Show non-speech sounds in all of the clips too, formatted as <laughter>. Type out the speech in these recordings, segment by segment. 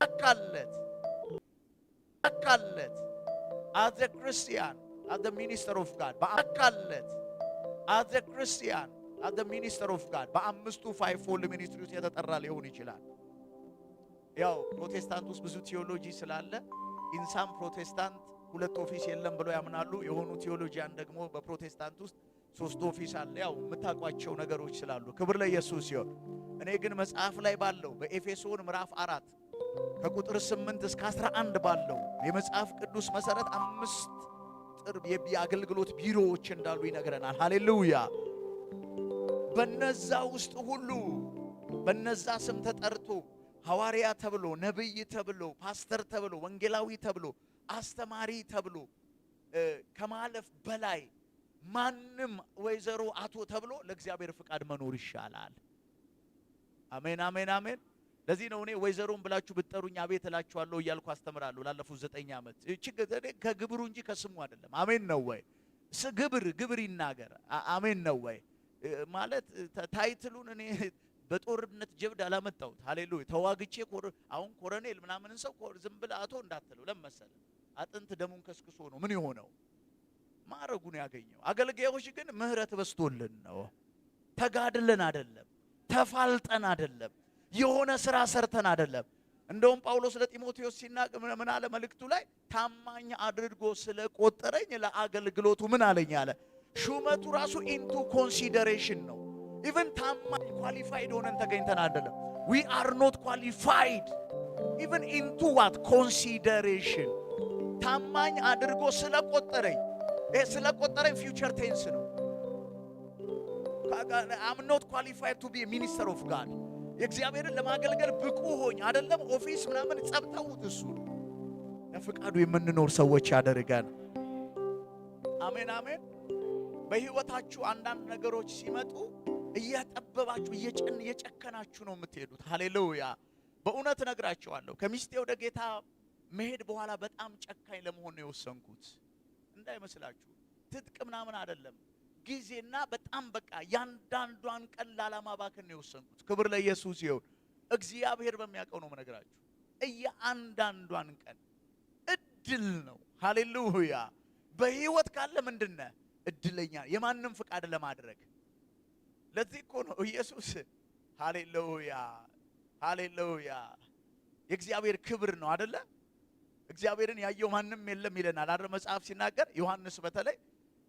ተሳካለት ተሳካለት። አዘ ክርስቲያን አዘ ሚኒስተር ኦፍ ጋድ ተሳካለት። አዘ ክርስቲያን አዘ ሚኒስተር ኦፍ ጋድ በአምስቱ ፋይፎልድ ሚኒስትሪ ውስጥ የተጠራ ሊሆን ይችላል። ያው ፕሮቴስታንት ውስጥ ብዙ ቴዎሎጂ ስላለ ኢንሳም ፕሮቴስታንት ሁለት ኦፊስ የለም ብለው ያምናሉ። የሆኑ ቴዎሎጂያን ደግሞ በፕሮቴስታንት ውስጥ ሶስት ኦፊስ አለ። ያው የምታውቋቸው ነገሮች ስላሉ ክብር ለኢየሱስ ሲሆን እኔ ግን መጽሐፍ ላይ ባለው በኤፌሶን ምዕራፍ አራት ከቁጥር 8 እስከ 11 ባለው የመጽሐፍ ቅዱስ መሰረት አምስት ጥር የአገልግሎት ቢሮዎች እንዳሉ ይነግረናል። ሃሌሉያ። በነዛ ውስጥ ሁሉ በነዛ ስም ተጠርቶ ሐዋርያ ተብሎ ነብይ ተብሎ ፓስተር ተብሎ ወንጌላዊ ተብሎ አስተማሪ ተብሎ ከማለፍ በላይ ማንም ወይዘሮ አቶ ተብሎ ለእግዚአብሔር ፍቃድ መኖር ይሻላል። አሜን፣ አሜን፣ አሜን። ለዚህ ነው እኔ ወይዘሮን ብላችሁ ብትጠሩኝ አቤት እላችኋለሁ እያልኩ አስተምራለሁ ላለፉት ዘጠኝ ዓመት። እቺ ከግብሩ እንጂ ከስሙ አይደለም። አሜን ነው ወይ? ግብር ግብር ይናገር። አሜን ነው ወይ? ማለት ታይትሉን እኔ በጦርነት ጀብድ አላመጣሁት። ሃሌሉያ። ተዋግቼ አሁን ኮረኔል ምናምን ሰው ዝም ብለህ አቶ እንዳትለው ለመሰለ አጥንት ደሙን ከስክሶ ነው ምን የሆነው ማረጉን ያገኘው። አገልጋዮች ግን ምህረት በስቶልን ነው። ተጋድለን አይደለም፣ ተፋልጠን አይደለም የሆነ ስራ ሰርተን አይደለም። እንደውም ጳውሎስ ለጢሞቴዎስ ሲናገር ምን አለ? መልእክቱ ላይ ታማኝ አድርጎ ስለቆጠረኝ ለአገልግሎቱ ምን አለኝ አለ። ሹመቱ ራሱ ኢንቱ ኮንሲደሬሽን ነው። ኢቨን ታማኝ ኳሊፋይድ ሆነን ተገኝተን አይደለም። ዊ አር ኖት ኳሊፋይድ ኢቨን ኢንቱ ዋት ኮንሲደሬሽን። ታማኝ አድርጎ ስለቆጠረኝ፣ ይሄ ስለቆጠረኝ ፊውቸር ቴንስ ነው። አም ኖት ኳሊፋይድ ቱ ቢ ሚኒስተር ኦፍ ጋድ የእግዚአብሔርን ለማገልገል ብቁ ሆኝ አይደለም ኦፊስ ምናምን ጸብጠውት እሱ ለፍቃዱ የምንኖር ሰዎች ያደርገን። አሜን አሜን። በህይወታችሁ አንዳንድ ነገሮች ሲመጡ እያጠበባችሁ እየጨከናችሁ ነው የምትሄዱት። ሀሌሉያ በእውነት ነግራችኋለሁ፣ ከሚስቴ ወደ ጌታ መሄድ በኋላ በጣም ጨካኝ ለመሆን ነው የወሰንኩት። እንዳይመስላችሁ ትጥቅ ምናምን አይደለም ጊዜና በጣም በቃ ያንዳንዷን ቀን ላለማባከን ነው የወሰንኩት። ክብር ለኢየሱስ ይሁን። እግዚአብሔር በሚያውቀው ነው መነግራችሁ። እያንዳንዷን ቀን እድል ነው። ሃሌሉያ። በህይወት ካለ ምንድነ እድለኛ የማንም ፍቃድ ለማድረግ ለዚህ እኮ ነው ኢየሱስ። ሃሌሉያ ሃሌሉያ። የእግዚአብሔር ክብር ነው አደለ? እግዚአብሔርን ያየው ማንም የለም ይለናል አረ መጽሐፍ ሲናገር ዮሐንስ በተለይ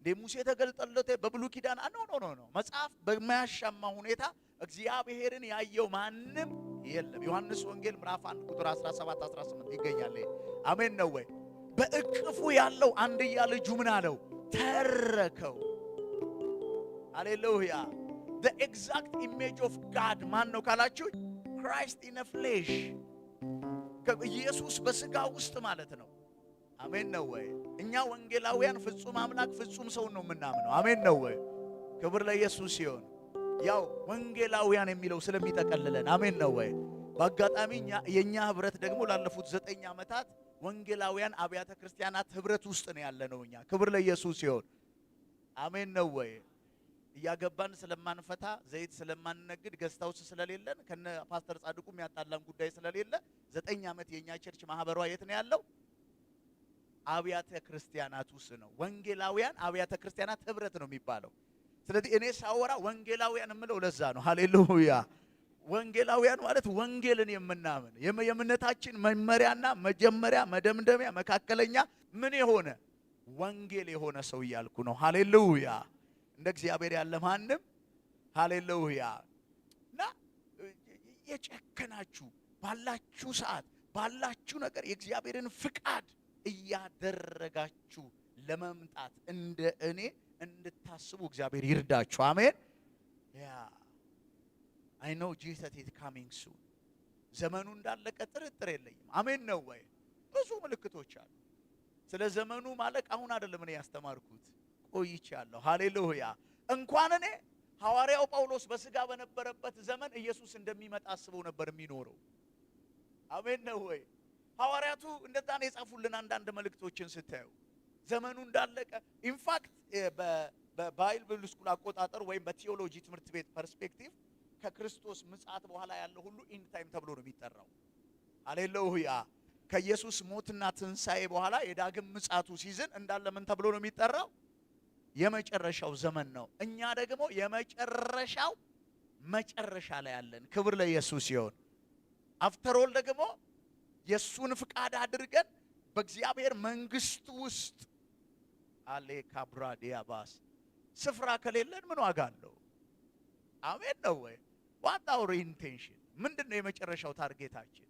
እንደ ሙሴ የተገለጠለት በብሉ ኪዳን አኖ ኖ ኖ ኖ መጽሐፍ በማያሻማ ሁኔታ እግዚአብሔርን ያየው ማንም የለም። ዮሐንስ ወንጌል ምዕራፍ 1 ቁጥር 17 18 ይገኛል። አሜን ነው ወይ? በእቅፉ ያለው አንድያ ልጁ ምን አለው? ተረከው። ሃሌሉያ ዘ ኤግዛክት ኢሜጅ ኦፍ ጋድ ማን ነው ካላችሁ፣ ክራይስት ኢን ፍሌሽ ኢየሱስ በስጋ ውስጥ ማለት ነው። አሜን ነው ወይ? እኛ ወንጌላውያን ፍጹም አምላክ ፍጹም ሰው ነው የምናምነው። አሜን ነው ወይ? ክብር ለኢየሱስ ሲሆን ያው ወንጌላውያን የሚለው ስለሚጠቀልለን አሜን ነው ወይ? በአጋጣሚ የእኛ ህብረት ደግሞ ላለፉት ዘጠኝ ዓመታት ወንጌላውያን አብያተ ክርስቲያናት ህብረት ውስጥ ነው ያለነው እኛ። ክብር ለኢየሱስ ሲሆን አሜን ነው ወይ? እያገባን ስለማንፈታ ዘይት ስለማንነግድ ገስት ስለሌለን ከነ ፓስተር ጻድቁ የሚያጣላን ጉዳይ ስለሌለ ዘጠኝ ዓመት የእኛ ቸርች ማህበሯ የት ነው ያለው? አብያተ ክርስቲያናት ውስጥ ነው። ወንጌላውያን አብያተ ክርስቲያናት ህብረት ነው የሚባለው። ስለዚህ እኔ ሳወራ ወንጌላውያን የምለው ለዛ ነው። ሀሌሉያ ወንጌላውያን ማለት ወንጌልን የምናምን የእምነታችን መመሪያና መጀመሪያ መደምደሚያ መካከለኛ ምን የሆነ ወንጌል የሆነ ሰው እያልኩ ነው። ሀሌሉያ እንደ እግዚአብሔር ያለ ማንም ሀሌሉያ። እና የጨከናችሁ ባላችሁ ሰዓት ባላችሁ ነገር የእግዚአብሔርን ፍቃድ እያደረጋችሁ ለመምጣት እንደ እኔ እንድታስቡ እግዚአብሔር ይርዳችሁ። አሜን። ያ አይ ኖ ጂሰስ ኢዝ ካሚንግ ሱን። ዘመኑ እንዳለቀ ጥርጥር የለኝም። አሜን ነው ወይ? ብዙ ምልክቶች አሉ። ስለ ዘመኑ ማለቅ አሁን አይደለም እኔ ያስተማርኩት ቆይቻለሁ። ሃሌሉያ። እንኳን እኔ ሐዋርያው ጳውሎስ በስጋ በነበረበት ዘመን ኢየሱስ እንደሚመጣ አስበው ነበር የሚኖረው። አሜን ነው ወይ? ሐዋርያቱ እንደዛ ነው የጻፉልን። አንዳንድ መልእክቶችን ስታዩ ዘመኑ እንዳለቀ ኢንፋክት በባይል ስኩል አቆጣጠር ወይም በቲዮሎጂ ትምህርት ቤት ፐርስፔክቲቭ ከክርስቶስ ምጻት በኋላ ያለው ሁሉ ኢንድ ታይም ተብሎ ነው የሚጠራው። አሌሉያ። ከኢየሱስ ሞትና ትንሣኤ በኋላ የዳግም ምጻቱ ሲዝን እንዳለ ምን ተብሎ ነው የሚጠራው? የመጨረሻው ዘመን ነው። እኛ ደግሞ የመጨረሻው መጨረሻ ላይ ያለን። ክብር ለኢየሱስ ይሁን። አፍተሮል ደግሞ የእሱን ፍቃድ አድርገን በእግዚአብሔር መንግስት ውስጥ አሌ ካብራ ዲያባስ ስፍራ ከሌለን ምን ዋጋ አለው? አሜን ነው ወይ? ዋት አውር ኢንቴንሽን ምንድን ነው? የመጨረሻው ታርጌታችን።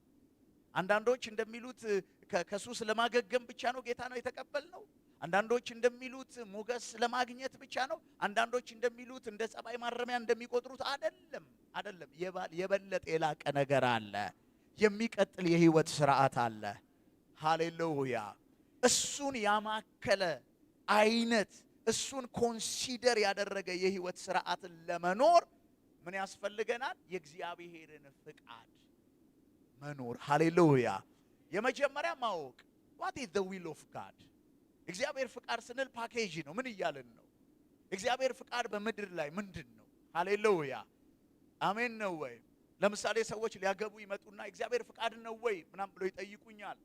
አንዳንዶች እንደሚሉት ከሱስ ለማገገም ብቻ ነው ጌታ ነው የተቀበልነው። አንዳንዶች እንደሚሉት ሞገስ ለማግኘት ብቻ ነው። አንዳንዶች እንደሚሉት እንደ ጸባይ ማረሚያ እንደሚቆጥሩት አይደለም፣ አይደለም። የበለጠ የላቀ ነገር አለ። የሚቀጥል የህይወት ስርዓት አለ። ሃሌሉያ! እሱን ያማከለ አይነት እሱን ኮንሲደር ያደረገ የህይወት ስርዓትን ለመኖር ምን ያስፈልገናል? የእግዚአብሔርን ፍቃድ መኖር። ሃሌሉያ! የመጀመሪያ ማወቅ ዋት ኢዝ ዘ ዊል ኦፍ ጋድ። እግዚአብሔር ፍቃድ ስንል ፓኬጅ ነው። ምን እያልን ነው? እግዚአብሔር ፍቃድ በምድር ላይ ምንድን ነው? ሃሌሉያ! አሜን ነው ወይ? ለምሳሌ ሰዎች ሊያገቡ ይመጡና የእግዚአብሔር ፍቃድ ነው ወይ ምናም ብሎ ይጠይቁኛል።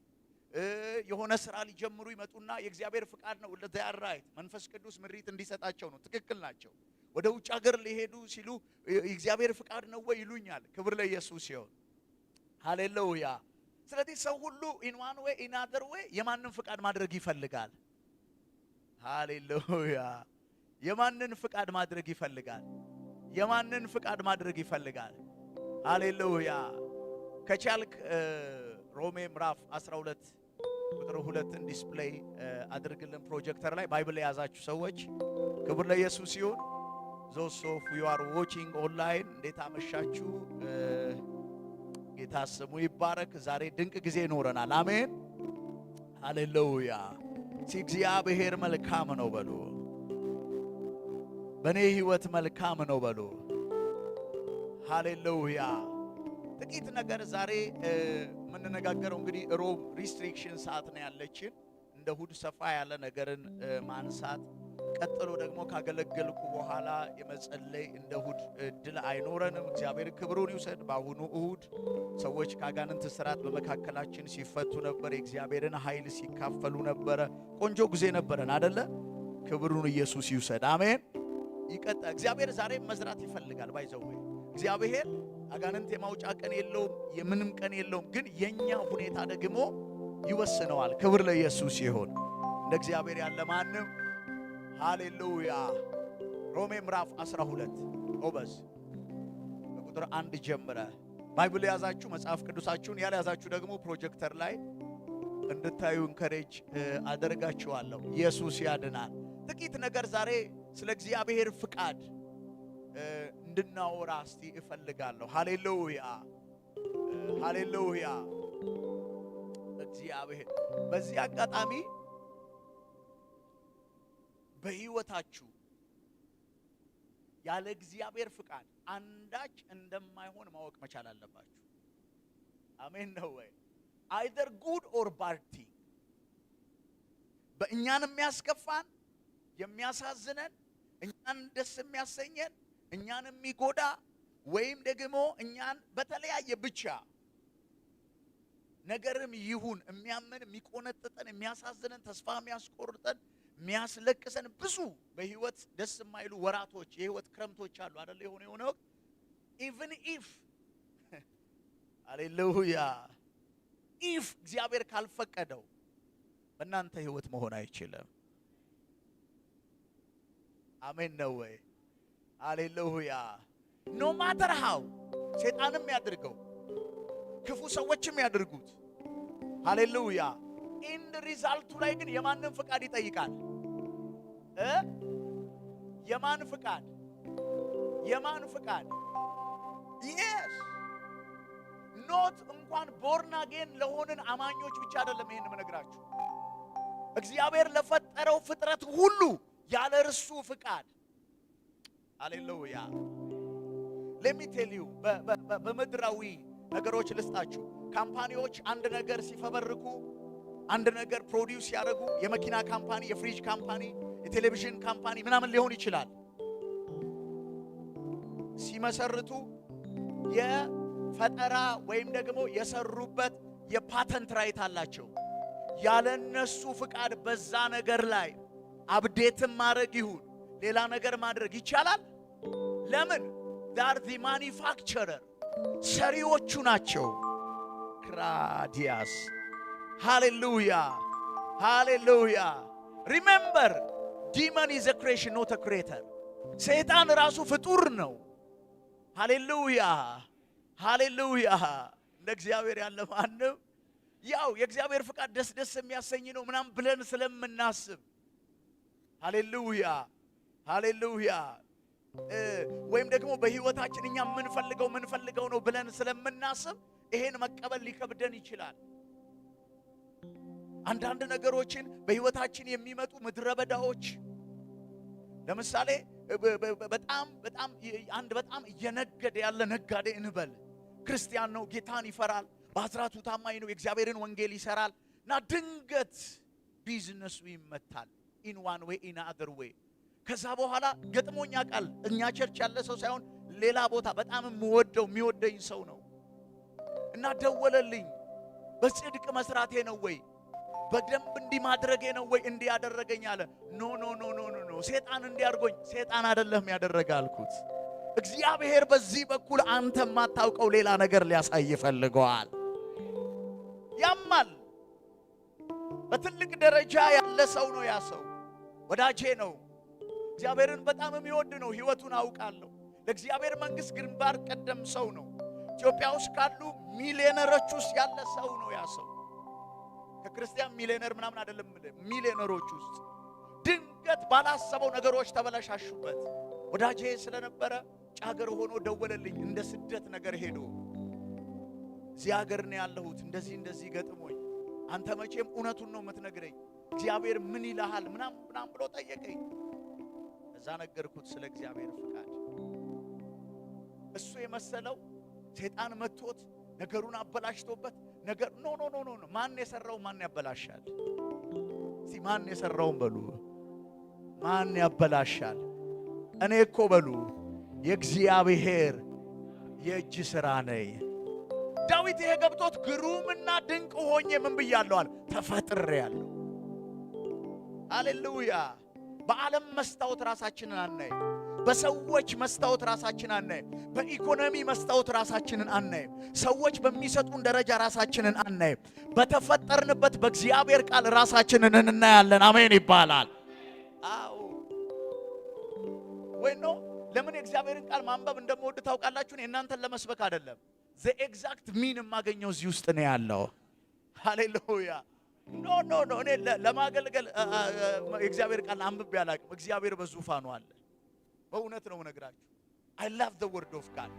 የሆነ ስራ ሊጀምሩ ይመጡና የእግዚአብሔር ፍቃድ ነው ለተያራይት መንፈስ ቅዱስ ምሪት እንዲሰጣቸው ነው። ትክክል ናቸው። ወደ ውጭ ሀገር ሊሄዱ ሲሉ የእግዚአብሔር ፍቃድ ነው ወይ ይሉኛል። ክብር ለኢየሱስ ይሁን። ሃሌሉያ። ስለዚህ ሰው ሁሉ ኢንዋን ወይ ኢናደር ወይ የማንን ፍቃድ ማድረግ ይፈልጋል? ሃሌሉያ። የማንን ፍቃድ ማድረግ ይፈልጋል? የማንን ፍቃድ ማድረግ ይፈልጋል? ሃሌሉያ። ከቻልክ ሮሜ ምዕራፍ 12 ቁጥር ሁለትን ዲስፕሌይ አድርግልን ፕሮጀክተር ላይ ባይብል የያዛችሁ ሰዎች ክብር ለኢየሱስ ይሁን። ዞሶ ዩ አር ዎቺንግ ኦንላይን እንዴት አመሻችሁ? ጌታ ስሙ ይባረክ። ዛሬ ድንቅ ጊዜ ይኖረናል። አሜን ሃሌሉያ። እግዚአብሔር መልካም ነው በሉ። በእኔ ህይወት መልካም ነው በሉ። ሃሌሉያ። ጥቂት ነገር ዛሬ የምንነጋገረው እንግዲህ ሮብ ሪስትሪክሽን ሰዓት ነው ያለችን። እንደ እሁድ ሰፋ ያለ ነገርን ማንሳት ቀጥሎ ደግሞ ካገለገልኩ በኋላ የመጸለይ እንደ እሁድ እድል አይኖረንም። እግዚአብሔር ክብሩን ይውሰድ። በአሁኑ እሁድ ሰዎች ከአጋንንት ስርዓት በመካከላችን ሲፈቱ ነበር። የእግዚአብሔርን ኃይል ሲካፈሉ ነበረ። ቆንጆ ጊዜ ነበረን አደለ? ክብሩን ኢየሱስ ይውሰድ። አሜን። ይቀጣ እግዚአብሔር ዛሬ መዝራት ይፈልጋል ባይዘው እግዚአብሔር አጋንንት የማውጫ ቀን የለውም፣ የምንም ቀን የለውም። ግን የኛ ሁኔታ ደግሞ ይወስነዋል። ክብር ለኢየሱስ ይሁን። እንደ እግዚአብሔር ያለ ማንም ሃሌሉያ። ሮሜ ምዕራፍ 12 ኦበዝ ቁጥር አንድ ጀምረ ባይብል የያዛችሁ መጽሐፍ ቅዱሳችሁን ያልያዛችሁ ደግሞ ፕሮጀክተር ላይ እንድታዩ እንከሬጅ አደርጋችኋለሁ። ኢየሱስ ያድናል። ጥቂት ነገር ዛሬ ስለ እግዚአብሔር ፍቃድ እንድናወራ እስቲ እፈልጋለሁ። ሃሌሉያ ሃሌሉያ። እግዚአብሔር በዚህ አጋጣሚ በሕይወታችሁ ያለ እግዚአብሔር ፍቃድ አንዳች እንደማይሆን ማወቅ መቻል አለባችሁ። አሜን ነው ወይ? አይደር ጉድ ኦር ባርቲ በእኛን የሚያስከፋን የሚያሳዝነን እኛን ደስ የሚያሰኘን እኛን የሚጎዳ ወይም ደግሞ እኛን በተለያየ ብቻ ነገርም ይሁን የሚያመን የሚቆነጥጠን የሚያሳዝነን ተስፋ የሚያስቆርጠን የሚያስለቅሰን ብዙ በህይወት ደስ የማይሉ ወራቶች የህይወት ክረምቶች አሉ አደለ? የሆነ የሆነ ወቅት ኢቭን ኢፍ አሌሉያ <laughs> ኢፍ እግዚአብሔር ካልፈቀደው በእናንተ ህይወት መሆን አይችልም። አሜን ነው ወይ? አሌሉያ ኖ ማተር ሃው ሴጣንም ያድርገው ክፉ ሰዎችም ያድርጉት፣ ሃሌሉያ ኢንድ ሪዛልቱ ላይ ግን የማንን ፍቃድ ይጠይቃል? የማን ፍቃድ? የማን ፍቃድ? ኢየስ ኖት እንኳን ቦርናጌን ለሆንን አማኞች ብቻ አይደለም ይሄን የምነግራችሁ። እግዚአብሔር ለፈጠረው ፍጥረት ሁሉ ያለ እርሱ ፍቃድ አሌሉያ። ለሚቴልዩ በምድራዊ ነገሮች ልስጣችሁ። ካምፓኒዎች አንድ ነገር ሲፈበርኩ አንድ ነገር ፕሮዲውስ ያደረጉ የመኪና ካምፓኒ፣ የፍሪጅ ካምፓኒ፣ የቴሌቪዥን ካምፓኒ ምናምን ሊሆን ይችላል። ሲመሰርቱ የፈጠራ ወይም ደግሞ የሰሩበት የፓተንት ራይት አላቸው። ያለነሱ ፍቃድ በዛ ነገር ላይ አብዴትም ማድረግ ይሁን ሌላ ነገር ማድረግ ይቻላል። ለምን ዳር ዚ ማኒፋክቸረር ሰሪዎቹ ናቸው። ክራዲያስ ሃሌሉያ ሃሌሉያ። ሪሜምበር ዲመን ኢዘ ክሬሽን ኖተ ክሬተር። ሰይጣን ራሱ ፍጡር ነው። ሃሌሉያ ሃሌሉያ። እንደ እግዚአብሔር ያለ ማንም ያው የእግዚአብሔር ፍቃድ ደስ ደስ የሚያሰኝ ነው ምናምን ብለን ስለምናስብ ሃሌሉያ ሃሌሉያ። ወይም ደግሞ በህይወታችን እኛ የምንፈልገው ምንፈልገው ነው ብለን ስለምናስብ ይሄን መቀበል ሊከብደን ይችላል። አንዳንድ ነገሮችን በህይወታችን የሚመጡ ምድረ በዳዎች ለምሳሌ በጣም በጣም አንድ በጣም እየነገደ ያለ ነጋዴ እንበል። ክርስቲያን ነው፣ ጌታን ይፈራል፣ በአስራቱ ታማኝ ነው፣ የእግዚአብሔርን ወንጌል ይሰራል እና ድንገት ቢዝነሱ ይመታል ኢን ዋን ዌይ ኢን አደር ዌይ ከዛ በኋላ ገጥሞኛ ቃል እኛ ቸርች ያለ ሰው ሳይሆን ሌላ ቦታ በጣም የምወደው የሚወደኝ ሰው ነው እና ደወለልኝ። በጽድቅ መስራቴ ነው ወይ በደንብ እንዲህ ማድረጌ ነው ወይ እንዲህ ያደረገኝ አለ። ኖ ኖ ኖ ኖ ኖ ሴጣን እንዲያርጎኝ ሴጣን አይደለም ያደረገ አልኩት። እግዚአብሔር በዚህ በኩል አንተ የማታውቀው ሌላ ነገር ሊያሳይ ፈልገዋል። ያማል። በትልቅ ደረጃ ያለ ሰው ነው ያ ሰው፣ ወዳጄ ነው። እግዚአብሔርን በጣም የሚወድ ነው። ህይወቱን አውቃለሁ። ለእግዚአብሔር መንግሥት ግንባር ቀደም ሰው ነው። ኢትዮጵያ ውስጥ ካሉ ሚሊዮነሮች ውስጥ ያለ ሰው ነው። ያ ሰው ከክርስቲያን ሚሊዮነር ምናምን አይደለም፣ ሚሊዮነሮች ውስጥ ድንገት ባላሰበው ነገሮች ተበላሻሹበት። ወዳጄ ስለነበረ ጫገር ሆኖ ደወለልኝ። እንደ ስደት ነገር ሄዶ እዚህ ሀገር ነው ያለሁት፣ እንደዚህ እንደዚህ ገጥሞኝ፣ አንተ መቼም እውነቱን ነው የምትነግረኝ፣ እግዚአብሔር ምን ይልሃል ምናም ምናም ብሎ ጠየቀኝ። እዛ ነገርኩት ስለ እግዚአብሔር ፍቃድ። እሱ የመሰለው ሰይጣን መጥቶት ነገሩን አበላሽቶበት ነገር ኖ ኖ ኖ ኖ ማን የሰራው ማን ያበላሻል? እስቲ ማን የሰራውን በሉ። ማን ያበላሻል? እኔ እኮ በሉ የእግዚአብሔር የእጅ ሥራ ነኝ። ዳዊት ይሄ ገብቶት ግሩምና ድንቅ ሆኜ ምን ብያለሁ አለ ተፈጥሬ ያለሁ አሌሉያ በዓለም መስታወት ራሳችንን አናይ። በሰዎች መስታወት ራሳችን አናይም። በኢኮኖሚ መስታወት ራሳችንን አናይም። ሰዎች በሚሰጡን ደረጃ ራሳችንን አናይም። በተፈጠርንበት በእግዚአብሔር ቃል ራሳችንን እናያለን። አሜን ይባላል። አዎ ወይ ነው። ለምን የእግዚአብሔርን ቃል ማንበብ እንደምወድ ታውቃላችሁ እናንተን ለመስበክ አይደለም። ዘ ኤግዛክት ሚን የማገኘው እዚህ ውስጥ ነው ያለው። ሃሌሉያ ኖ ኖ ኖ እኔ ለማገልገል የእግዚአብሔር ቃል አንብቤ አላቅም። እግዚአብሔር በዙፋኑ አለ። በእውነት ነው ነግራችሁ። አይ ላቭ ዘ ወርድ ኦፍ ጋድ።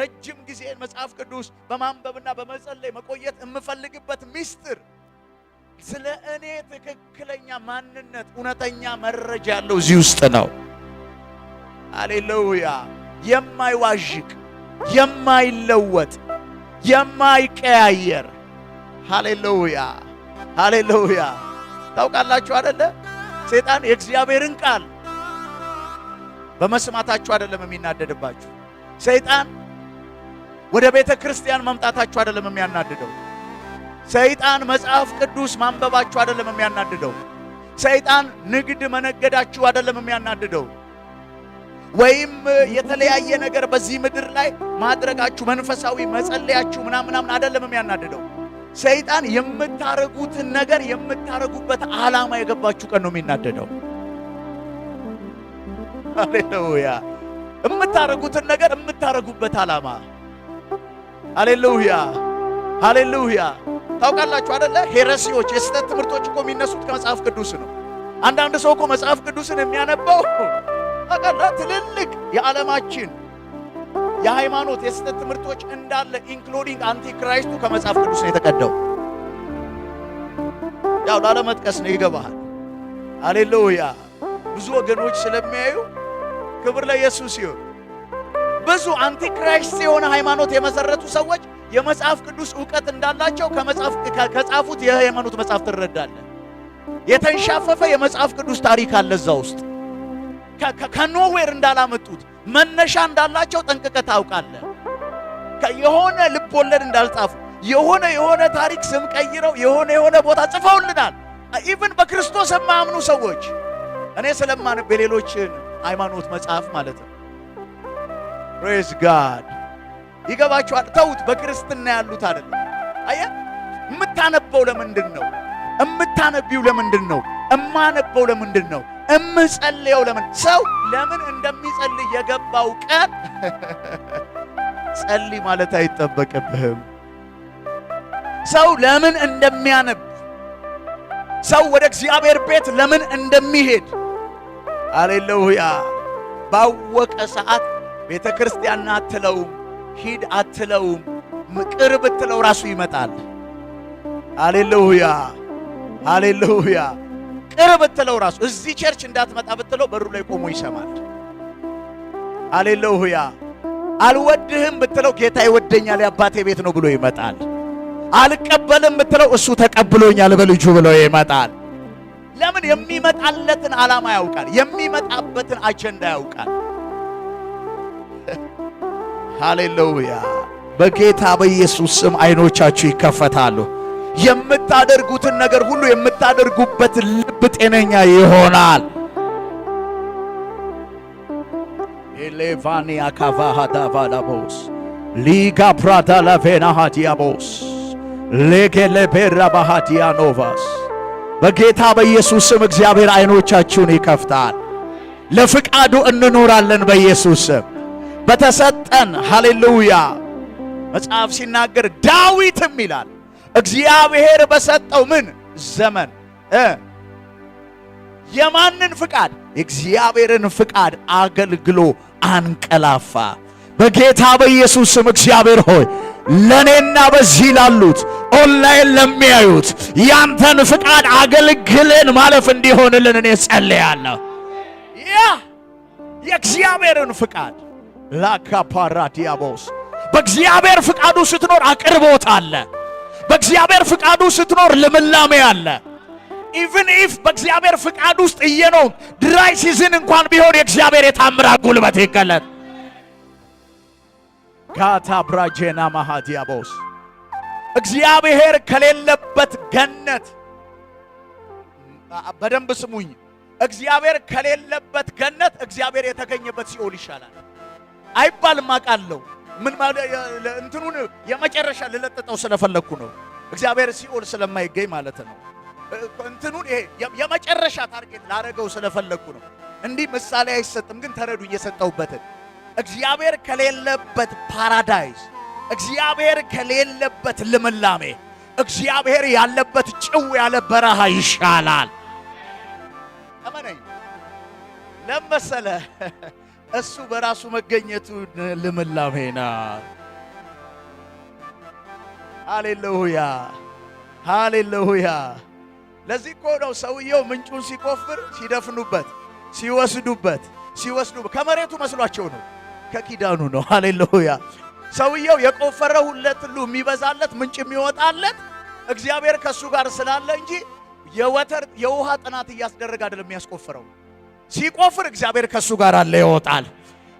ረጅም ጊዜ መጽሐፍ ቅዱስ በማንበብና በመጸለይ መቆየት የምፈልግበት ሚስጥር ስለ እኔ ትክክለኛ ማንነት እውነተኛ መረጃ ያለው እዚህ ውስጥ ነው። አሌሉያ! የማይዋዥቅ የማይለወጥ፣ የማይቀያየር ሃሌሉያ ሃሌሉያ። ታውቃላችሁ አደለ? ሰይጣን የእግዚአብሔርን ቃል በመስማታችሁ አይደለም የሚናደድባችሁ። ሰይጣን ወደ ቤተ ክርስቲያን መምጣታችሁ አይደለም የሚያናድደው። ሰይጣን መጽሐፍ ቅዱስ ማንበባችሁ አይደለም የሚያናድደው። ሰይጣን ንግድ መነገዳችሁ አይደለም የሚያናድደው። ወይም የተለያየ ነገር በዚህ ምድር ላይ ማድረጋችሁ፣ መንፈሳዊ መጸለያችሁ ምናምን ምናምን አይደለም የሚያናድደው። ሰይጣን የምታረጉትን ነገር የምታረጉበት ዓላማ የገባችሁ ቀን ነው የሚናደደው። አሌሉያ! የምታረጉትን ነገር የምታረጉበት ዓላማ። አሌሉያ! አሌሉያ! ታውቃላችሁ አደለ? ሄረሲዎች የስህተት ትምህርቶች እኮ የሚነሱት ከመጽሐፍ ቅዱስ ነው። አንዳንድ ሰው እኮ መጽሐፍ ቅዱስን የሚያነባው ታውቃላ ትልልቅ የዓለማችን የሃይማኖት የስህተት ትምህርቶች እንዳለ ኢንክሉዲንግ አንቲክራይስቱ ከመጽሐፍ ቅዱስ ነው የተቀደው። ያው ላለመጥቀስ ነው፣ ይገባሃል። አሌሉያ። ብዙ ወገኖች ስለሚያዩ ክብር ለኢየሱስ ይሁን። ብዙ አንቲክራይስት የሆነ ሃይማኖት የመሰረቱ ሰዎች የመጽሐፍ ቅዱስ እውቀት እንዳላቸው ከመጽሐፍ ከጻፉት የሃይማኖት መጽሐፍ ትረዳለህ። የተንሻፈፈ የመጽሐፍ ቅዱስ ታሪክ አለ እዛ ውስጥ ከኖዌር እንዳላመጡት መነሻ እንዳላቸው ጠንቅቀ ታውቃለህ። የሆነ ልብ ወለድ እንዳልጻፉ የሆነ የሆነ ታሪክ ስም ቀይረው የሆነ የሆነ ቦታ ጽፈውልናል። ኢቭን በክርስቶስ የማያምኑ ሰዎች እኔ ስለማንብ የሌሎችን ሃይማኖት መጽሐፍ ማለት ነው። ፕሬዝ ጋድ ይገባችኋል። ተውት። በክርስትና ያሉት አይደለም። አየ የምታነበው ለምንድን ነው? እምታነቢው ለምንድን ነው? እማነበው ለምንድን ነው? እምጸልየው ለምን ሰው ለምን እንደሚጸልይ የገባው ቀን <laughs> ጸልይ ማለት አይጠበቅብህም። ሰው ለምን እንደሚያነብ ሰው ወደ እግዚአብሔር ቤት ለምን እንደሚሄድ አሌሉያ ባወቀ ሰዓት ቤተ ክርስቲያን አትለውም፣ ሂድ አትለውም፣ ምቅር ብትለው ራሱ ይመጣል። አሌሉያ አሌሉያ ጥር ብትለው ራሱ እዚህ ቸርች እንዳትመጣ ብትለው በሩ ላይ ቆሞ ይሰማል። ሃሌሉያ። አልወድህም ብትለው ጌታ ይወደኛል የአባቴ ቤት ነው ብሎ ይመጣል። አልቀበልም ብትለው እሱ ተቀብሎኛል በልጁ ብሎ ይመጣል። ለምን የሚመጣለትን ዓላማ ያውቃል። የሚመጣበትን አጀንዳ ያውቃል። <laughs> ሃሌሉያ። በጌታ በኢየሱስ ስም አይኖቻችሁ ይከፈታሉ። የምታደርጉትን ነገር ሁሉ የምታደርጉበት ልብ ጤነኛ ይሆናል። ኤሌቫኒ አካቫ ሃዳቫላቦስ ሊጋ ፕራታ ላቬና ሃዲያቦስ ሌጌሌቤራ ባሃዲያ ኖቫስ በጌታ በኢየሱስ ስም እግዚአብሔር ዐይኖቻችሁን ይከፍታል። ለፍቃዱ እንኖራለን በኢየሱስ ስም በተሰጠን ሃሌሉያ። መጽሐፍ ሲናገር ዳዊትም ይላል እግዚአብሔር በሰጠው ምን ዘመን የማንን ፍቃድ? የእግዚአብሔርን ፍቃድ አገልግሎ አንቀላፋ። በጌታ በኢየሱስ ስም እግዚአብሔር ሆይ ለእኔና በዚህ ላሉት ኦንላይን ለሚያዩት ያንተን ፍቃድ አገልግልን ማለፍ እንዲሆንልን እኔ ጸልያለሁ። ያ የእግዚአብሔርን ፍቃድ ላካፓራ ዲያቦስ በእግዚአብሔር ፍቃዱ ስትኖር አቅርቦት አለ። በእግዚአብሔር ፍቃዱ ስትኖር ልምላሜ አለ። ኢቭን ኢፍ በእግዚአብሔር ፍቃድ ውስጥ እየኖም ድራይ ሲዝን እንኳን ቢሆን የእግዚአብሔር የታምራ ጉልበት ይገለጥ። ጋታ ብራጄና ማሃዲያቦስ እግዚአብሔር ከሌለበት ገነት በደንብ ስሙኝ። እግዚአብሔር ከሌለበት ገነት እግዚአብሔር የተገኘበት ሲኦል ይሻላል አይባልም። አውቃለሁ። ምን እንትኑን የመጨረሻ ልለጥጠው ስለፈለግኩ ነው። እግዚአብሔር ሲኦል ስለማይገኝ ማለት ነው። እንትኑን ይሄ የመጨረሻ ታርጌት ላረገው ስለፈለግኩ ነው። እንዲህ ምሳሌ አይሰጥም፣ ግን ተረዱ እየሰጠውበትን እግዚአብሔር ከሌለበት ፓራዳይዝ፣ እግዚአብሔር ከሌለበት ልምላሜ፣ እግዚአብሔር ያለበት ጭው ያለ በረሃ ይሻላል። እመነኝ ለመሰለ <laughs> እሱ በራሱ መገኘቱ ልምላሜ ናት። ሃሌሉያ ሃሌሉያ። ለዚህ እኮ ነው ሰውየው ምንጩን ሲቆፍር ሲደፍኑበት፣ ሲወስዱበት ሲወስዱ ከመሬቱ መስሏቸው ነው፣ ከኪዳኑ ነው። ሃሌሉያ። ሰውየው የቆፈረው ሁለት ሁሉ የሚበዛለት ምንጭ የሚወጣለት እግዚአብሔር ከእሱ ጋር ስላለ እንጂ የወተር የውሃ ጥናት እያስደረገ አይደለም የሚያስቆፍረው ሲቆፍር እግዚአብሔር ከእሱ ጋር አለ ይወጣል።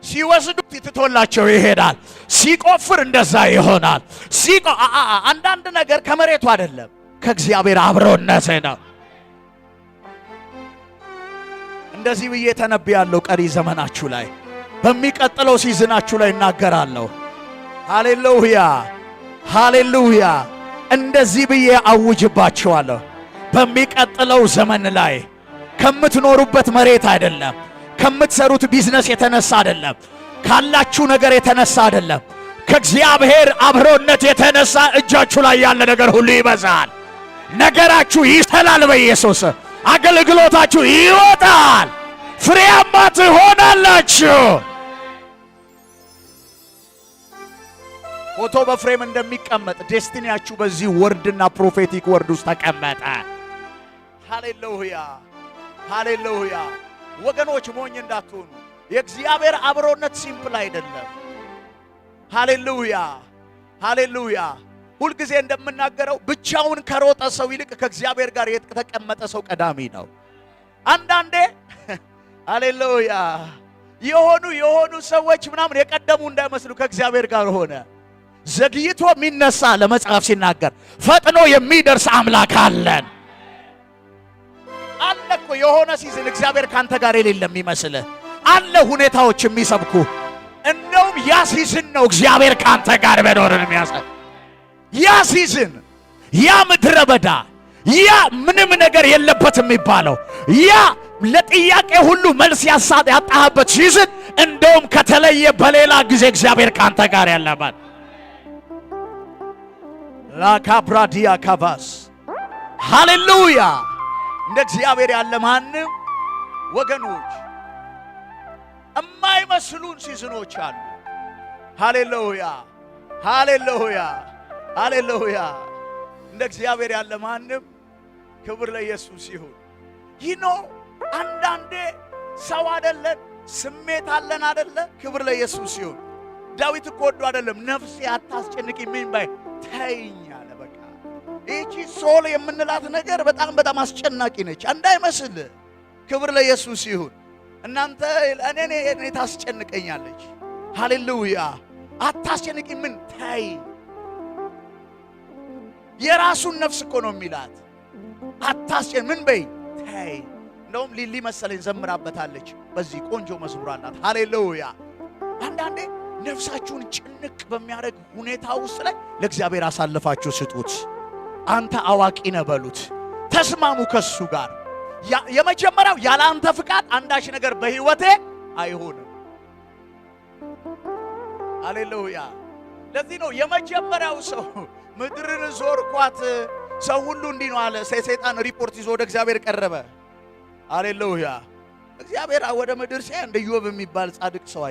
ሲወስዱ ትቶላቸው ይሄዳል። ሲቆፍር እንደዛ ይሆናል። ሲቆ አንዳንድ ነገር ከመሬቱ አይደለም ከእግዚአብሔር አብሮነት ነው። እንደዚህ ብዬ ተነብያለሁ። ቀሪ ዘመናችሁ ላይ በሚቀጥለው ሲዝናችሁ ላይ እናገራለሁ። ሃሌሉያ ሃሌሉያ። እንደዚህ ብዬ አውጅባችኋለሁ በሚቀጥለው ዘመን ላይ ከምትኖሩበት መሬት አይደለም፣ ከምትሰሩት ቢዝነስ የተነሳ አይደለም፣ ካላችሁ ነገር የተነሳ አይደለም። ከእግዚአብሔር አብሮነት የተነሳ እጃችሁ ላይ ያለ ነገር ሁሉ ይበዛል። ነገራችሁ ይሰላል። በኢየሱስ አገልግሎታችሁ ይወጣል። ፍሬያማ ትሆናላችሁ። ፎቶ በፍሬም እንደሚቀመጥ ዴስቲኒያችሁ በዚህ ወርድና ፕሮፌቲክ ወርድ ውስጥ ተቀመጠ። ሃሌሉያ ሃሌሉያ ወገኖች፣ ሞኝ እንዳትሆኑ። የእግዚአብሔር አብሮነት ሲምፕል አይደለም። ሃሌሉያ ሃሌሉያ። ሁልጊዜ እንደምናገረው ብቻውን ከሮጠ ሰው ይልቅ ከእግዚአብሔር ጋር የተቀመጠ ሰው ቀዳሚ ነው። አንዳንዴ <laughs> ሃሌሉያ የሆኑ የሆኑ ሰዎች ምናምን የቀደሙ እንዳይመስሉ ከእግዚአብሔር ጋር ሆነ ዘግይቶ የሚነሳ ለመጽሐፍ ሲናገር ፈጥኖ የሚደርስ አምላክ አለን። እኮ የሆነ ሲዝን እግዚአብሔር ካንተ ጋር የሌለ የሚመስል አለ ሁኔታዎች የሚሰብኩ እንደውም ያ ሲዝን ነው እግዚአብሔር ካንተ ጋር መኖርን የሚያሳ ያ ሲዝን ያ ምድረ በዳ ያ ምንም ነገር የለበት የሚባለው ያ ለጥያቄ ሁሉ መልስ ያሳጥ ያጣህበት ሲዝን እንደውም ከተለየ በሌላ ጊዜ እግዚአብሔር ካንተ ጋር ያለበት ላካብራዲያ ካቫስ ሃሌሉያ እንደ እግዚአብሔር ያለ ማንም ወገኖች የማይመስሉን ሲዝኖች አሉ። ሃሌሉያ ሃሌሉያ ሃሌሉያ። እንደ እግዚአብሔር ያለ ማንም ክብር ለኢየሱስ ይሁን። ይኖ አንዳንዴ ሰው አደለን፣ ስሜት አለን አደለ? ክብር ለኢየሱስ ይሁን። ዳዊት እኮ ወዶ አደለም ነፍሴ አታስጨንቂ ምን ባይ ተይኝ ይቺ ሶል የምንላት ነገር በጣም በጣም አስጨናቂ ነች። እንዳይመስል። ክብር ለኢየሱስ ይሁን። እናንተ እኔ እኔ ታስጨንቀኛለች። ሃሌሉያ። አታስጨንቂ። ምን ታይ የራሱን ነፍስ እኮ ነው የሚላት። አታስጨን ምን በይ ታይ። እንደውም ሊሊ መሰለኝ ዘምራበታለች። በዚህ ቆንጆ መዝሙር አላት። ሃሌሉያ። አንዳንዴ ነፍሳችሁን ጭንቅ በሚያደርግ ሁኔታ ውስጥ ላይ ለእግዚአብሔር አሳልፋችሁ ስጡት። አንተ አዋቂ ነህ በሉት። ተስማሙ ከሱ ጋር። የመጀመሪያው ያለ አንተ ፍቃድ አንዳች ነገር በህይወቴ አይሆንም። አሌሉያ። ለዚህ ነው የመጀመሪያው ሰው ምድርን ዞርኳት፣ ሰው ሁሉ እንዲህ ነው አለ። ሰይጣን ሪፖርት ይዞ ወደ እግዚአብሔር ቀረበ። አሌሉያ። እግዚአብሔር ወደ ምድር ሲያ እንደ ዮብ የሚባል ጻድቅ ሰው